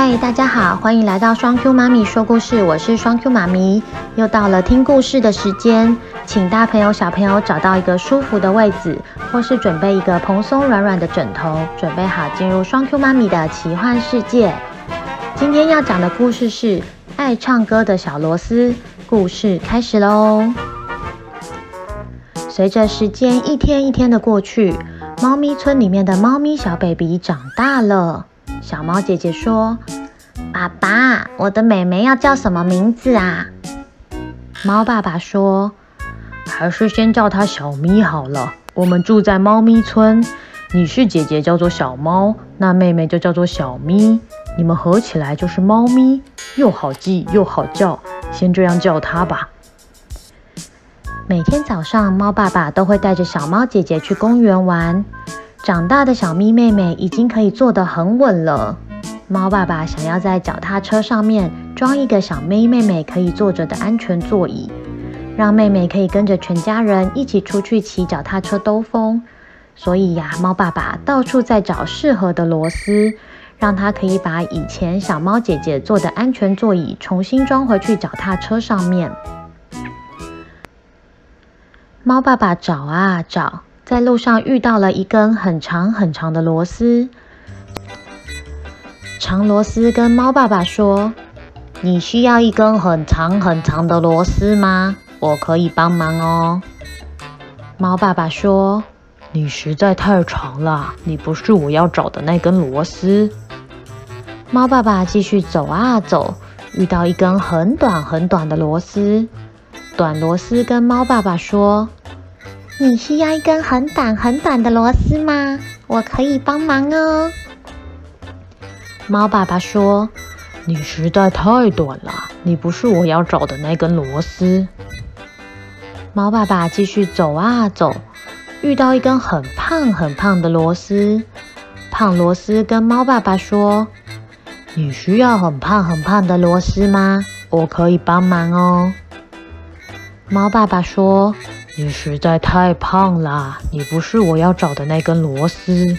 嗨，大家好，歡迎來到雙 Q 媽咪說故事，我是雙 Q 媽咪，又到了聽故事的時間，請大朋友小朋友找到一個舒服的位置，或是準備一個蓬鬆軟軟的枕頭，準備好進入雙 Q 媽咪的奇幻世界。今天要講的故事是《愛唱歌的小螺絲》，故事開始嘍。隨着時間一天一天的過去，貓咪村裡面的貓咪小 baby 長大了。小貓姐姐說：“爸爸，我的妹妹要叫什麼名字啊？”貓爸爸說：“還是先叫她小咪好了。我們住在貓咪村，你是姐姐，叫做小貓，那妹妹就叫做小咪。你們合起來就是貓咪，又好記又好叫。先這樣叫她吧。”每天早上，貓爸爸都會帶着小貓姐姐去公園玩。長大的小咪妹妹已經可以坐得很穩了。貓爸爸想要在腳踏車上面裝一個小咪妹妹可以坐着的安全座椅，讓妹妹可以跟着全家人一起出去騎腳踏車兜風。所以呀，貓爸爸到處在找適合的螺絲，讓他可以把以前小貓姐姐坐的安全座椅重新裝回去腳踏車上面。貓爸爸找啊找。在路上遇到了一根很長很長的螺絲，長螺絲跟貓爸爸說：“你需要一根很長很長的螺絲嗎？我可以幫忙哦。”貓爸爸說：“你實在太長了，你不是我要找的那根螺絲。”貓爸爸繼續走啊走，遇到一根很短很短的螺絲，短螺絲跟貓爸爸說。你需要一根很短很短的螺絲嗎？我可以幫忙哦。貓爸爸說：“你實在太短了，你不是我要找的那根螺絲。”貓爸爸繼續走啊走，遇到一根很胖很胖的螺絲。胖螺絲跟貓爸爸說：“你需要很胖很胖的螺絲嗎？我可以幫忙哦。”貓爸爸說，你實在太胖了，你不是我要找的那根螺絲。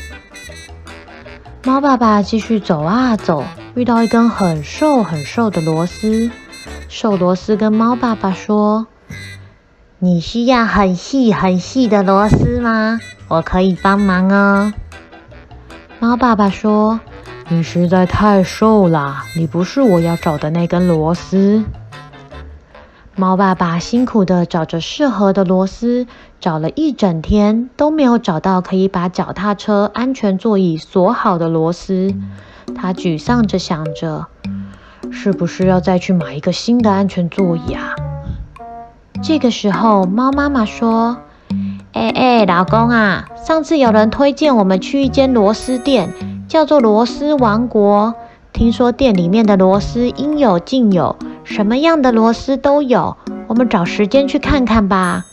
貓爸爸繼續走啊走，遇到一根很瘦很瘦的螺絲。瘦螺絲跟貓爸爸說：“你需要很細很細的螺絲嗎？我可以幫忙哦。”貓爸爸說：“你實在太瘦啦，你不是我要找的那根螺絲。”貓爸爸辛苦的找着適合的螺絲，找了一整天都沒有找到可以把腳踏車安全座椅鎖好的螺絲。他沮喪着想着，是不是要再去買一個新的安全座椅啊？這個時候，貓媽媽說：“哎、欸、哎、欸，老公啊，上次有人推薦我們去一間螺絲店，叫做螺絲王國，聽說店裡面的螺絲應有盡有。”什麼樣的螺絲都有，我們找時間去看看吧。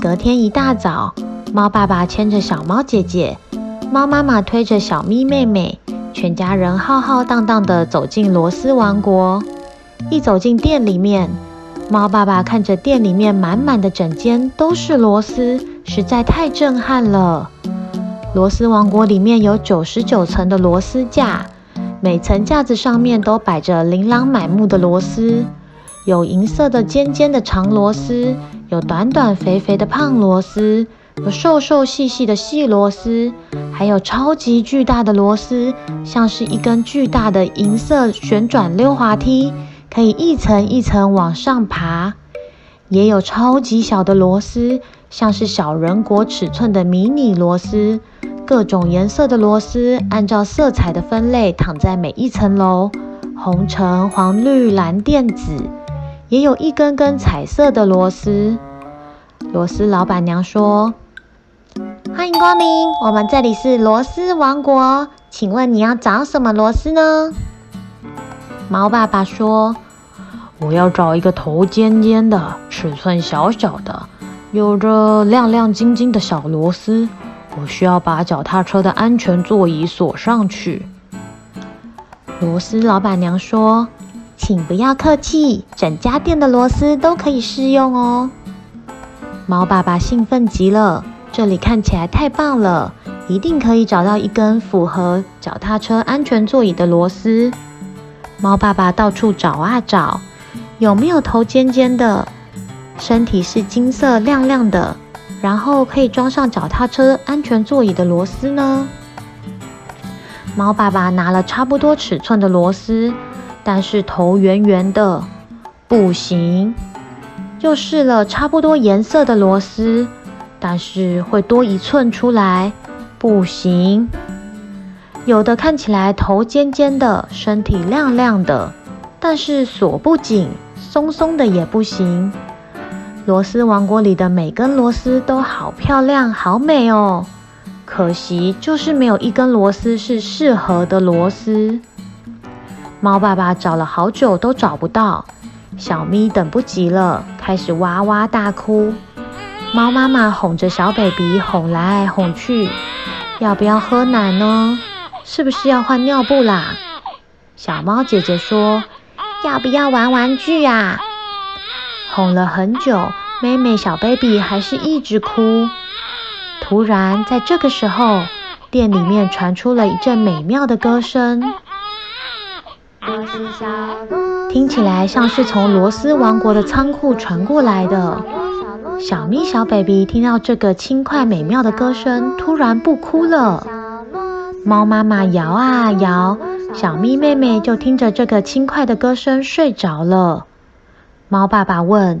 隔天一大早，貓爸爸牽着小貓姐姐，貓媽媽推着小咪妹妹，全家人浩浩蕩蕩的走進螺絲王國。一走進店裡面，貓爸爸看着店裡面滿滿的整間都是螺絲，實在太震撼了。螺絲王國裡面有九十九層的螺絲架。每層架子上面都擺着琳琅滿目的螺絲，有銀色的尖尖的長螺絲，有短短肥肥的胖螺絲，有瘦瘦細細的細螺絲，還有超級巨大的螺絲，像是一根巨大的銀色旋轉溜滑梯，可以一層一層往上爬。也有超級小的螺絲，像是小人國尺寸的迷你螺絲，各種顏色的螺絲按照色彩的分類躺在每一層樓，紅、橙、黃、綠、藍、靛、紫，也有一根根彩色的螺絲。螺絲老闆娘說：“歡迎光臨，我們這裡是螺絲王國，請問你要找什麼螺絲呢？”貓爸爸說。我要找一個頭尖尖的、尺寸小小的、有着亮亮晶晶的小螺絲。我需要把腳踏車的安全座椅鎖上去。螺絲老板娘說：“請不要客氣，整家店的螺絲都可以試用哦。”貓爸爸興奮極了，這裡看起來太棒了，一定可以找到一根符合腳踏車安全座椅的螺絲。貓爸爸到處找啊找。有沒有頭尖尖的，身體是金色亮亮的，然後可以裝上腳踏車安全座椅的螺絲呢？貓爸爸拿了差不多尺寸的螺絲，但是頭圓圓的，不行。又試了差不多顏色的螺絲，但是會多一寸出來，不行。有的看起來頭尖尖的，身體亮亮的，但是鎖不緊。鬆鬆的也不行。螺絲王國裡的每根螺絲都好漂亮，好美哦。可惜就是沒有一根螺絲是適合的螺絲。貓爸爸找了好久都找不到，小咪等不及了，開始哇哇大哭。貓媽媽哄着小 baby，哄來哄去。要不要喝奶呢？是不是要換尿布啦？小貓姐姐說。要不要玩玩具啊？哄了很久，妹妹小 baby 還是一直哭。突然，在這個時候，店裡面傳出了一陣美妙的歌聲，聽起來像是從螺絲王國的倉庫傳過來的。小咪小 baby 聽到這個輕快美妙的歌聲，突然不哭了。貓媽媽搖啊搖。小咪妹妹就聽着這個輕快的歌聲睡着了。貓爸爸問：“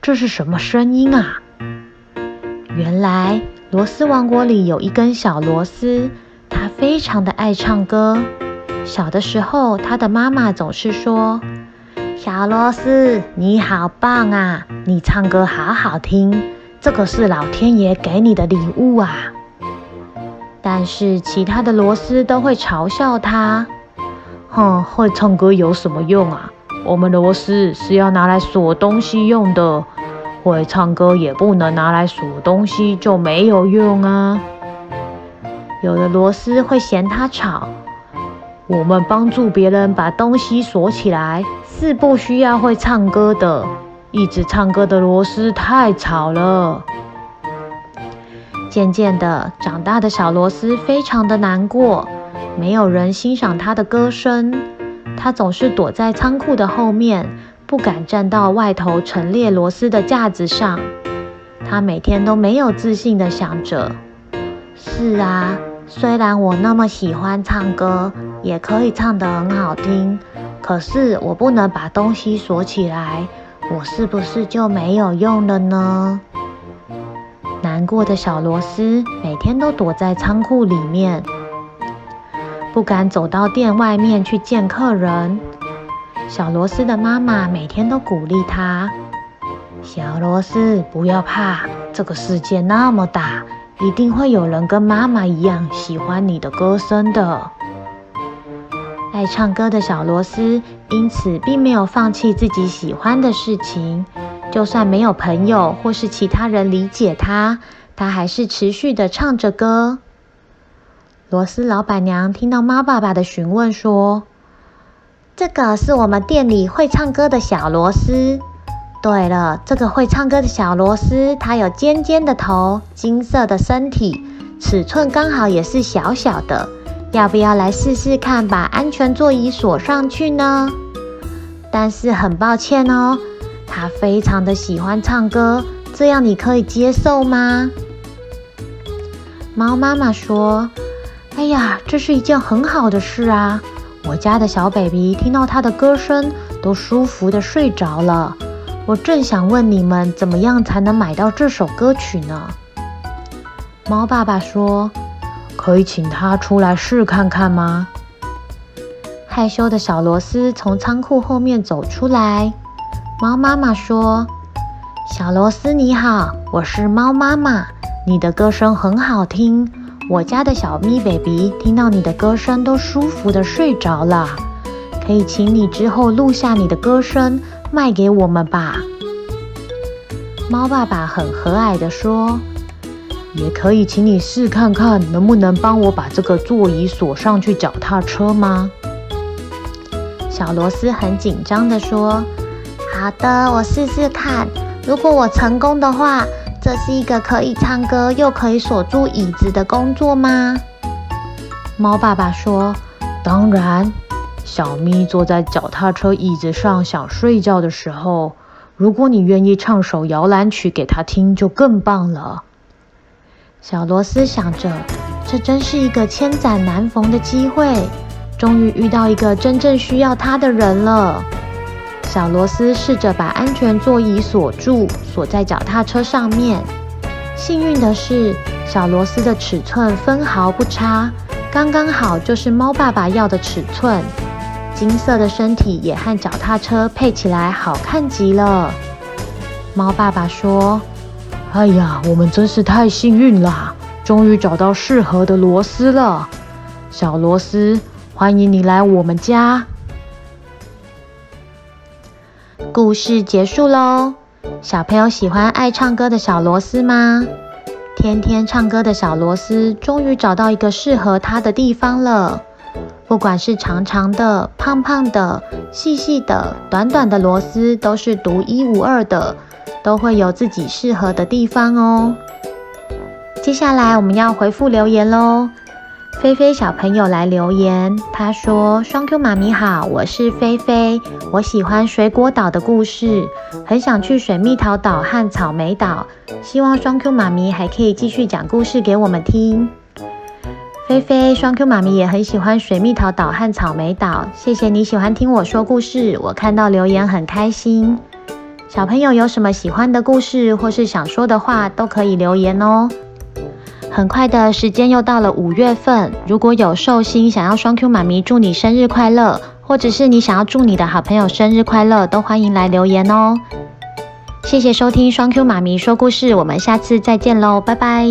這是什麼聲音啊？”原來，螺絲王國裡有一根小螺絲，它非常的愛唱歌。小的時候，它的媽媽總是說：“小螺絲，你好棒啊！你唱歌好好聽，這可是老天爺給你的禮物啊！”但是，其他的螺絲都會嘲笑它。哼，會唱歌有什麼用啊？我們螺絲是要拿來鎖東西用的，會唱歌也不能拿來鎖東西就沒有用啊。有的螺絲會嫌它吵，我們幫助別人把東西鎖起來，是不需要會唱歌的，一直唱歌的螺絲太吵了。漸漸的，長大的小螺絲非常的難過。沒有人欣賞他的歌聲，他總是躲在倉庫的後面，不敢站到外頭陳列螺絲的架子上。他每天都沒有自信的想着：是啊，雖然我那麼喜歡唱歌，也可以唱得很好聽，可是我不能把東西鎖起來，我是不是就沒有用了呢？難過的小螺絲每天都躲在倉庫裡面。不敢走到店外面去見客人。小螺絲的媽媽每天都鼓勵他：“小螺絲，不要怕，這個世界那麼大，一定會有人跟媽媽一樣喜歡你的歌聲的。”愛唱歌的小螺絲因此並沒有放棄自己喜歡的事情，就算沒有朋友或是其他人理解他，他還是持續地唱着歌。螺絲老闆娘聽到貓爸爸的詢問，說：“這個是我們店裡會唱歌的小螺絲。對了，這個會唱歌的小螺絲，它有尖尖的頭，金色的身體，尺寸剛好也是小小的。要不要來試試看，把安全座椅鎖上去呢？但是很抱歉哦，它非常的喜歡唱歌，這樣你可以接受嗎？”貓媽媽說。哎呀，這是一件很好的事啊！我家的小 baby 聽到他的歌聲，都舒服地睡着了。我正想問你們，怎麼樣才能買到這首歌曲呢？貓爸爸說：“可以請他出來試看看嗎？”害羞的小螺絲從倉庫後面走出來。貓媽媽說：“小螺絲你好，我是貓媽媽，你的歌聲很好聽。”我家的小咪 baby 聽到你的歌聲都舒服的睡着了，可以請你之後錄下你的歌聲賣給我們吧？貓爸爸很和藹地說。也可以請你試看看能不能幫我把這個座椅鎖上去腳踏車嗎？小螺絲很緊張地說。好的，我試試看。如果我成功的話。這是一個可以唱歌又可以鎖住椅子的工作嗎？貓爸爸說：“當然。”小咪坐在腳踏車椅子上想睡覺的時候，如果你願意唱首搖籃曲給他聽，就更棒了。小螺絲想着，這真是一個千載難逢的機會，終於遇到一個真正需要他的人了。小螺絲試着把安全座椅鎖住，鎖在腳踏車上面。幸運的是，小螺絲的尺寸分毫不差，剛剛好就是貓爸爸要的尺寸。金色的身體也和腳踏車配起來好看極了。貓爸爸說：“哎呀，我們真是太幸運啦！終於找到適合的螺絲了。小螺絲，歡迎你來我們家。”故事結束嘍，小朋友喜歡愛唱歌的小螺絲嗎？天天唱歌的小螺絲終於找到一個適合它的地方了。不管是長長的、胖胖的、細細的、短短的螺絲，都是獨一無二的，都會有自己適合的地方哦。接下來我們要回復留言嘍。菲菲小朋友來留言，他說：“雙 Q 媽咪好，我是菲菲，我喜歡水果島的故事，很想去水蜜桃島和草莓島，希望雙 Q 媽咪還可以繼續講故事給我們聽。”菲菲，雙 Q 媽咪也很喜歡水蜜桃島和草莓島，謝謝你喜歡聽我說故事，我看到留言很開心。小朋友有什麼喜歡的故事或是想說的話，都可以留言哦。很快的時間又到了五月份，如果有壽星想要雙 Q 媽咪祝你生日快樂，或者是你想要祝你的好朋友生日快樂，都歡迎來留言哦。謝謝收聽雙 Q 媽咪說故事，我們下次再見嘍，拜拜。